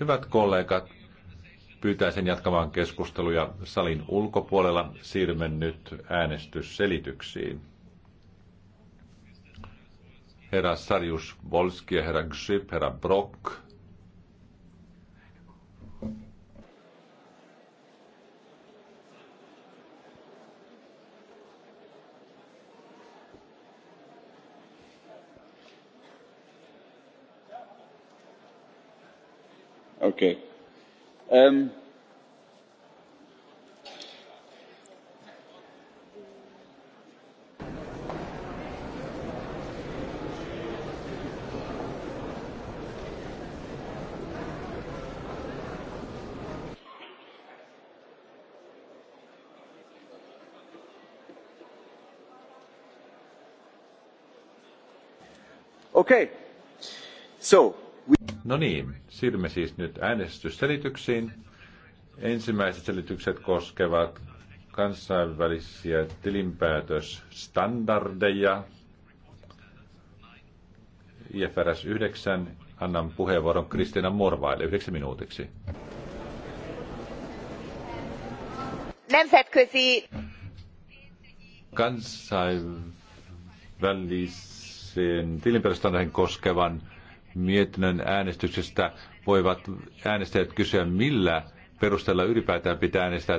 Hyvät kollegat, pyytäisin jatkamaan keskusteluja salin ulkopuolella. Siirrymme nyt äänestysselityksiin. Herra Sarius Volski ja herra Grzyb, herra Brock, Okay. Um, okay. So, No niin, siirrymme siis nyt äänestysselityksiin. Ensimmäiset selitykset koskevat kansainvälisiä tilinpäätösstandardeja. IFRS 9. Annan puheenvuoron Kristiina Morvaille yhdeksi minuutiksi. Nemzetközi. Kansainvälisen tilinpäätösstandardin koskevan mietinnön äänestyksestä voivat äänestäjät kysyä, millä perusteella ylipäätään pitää äänestää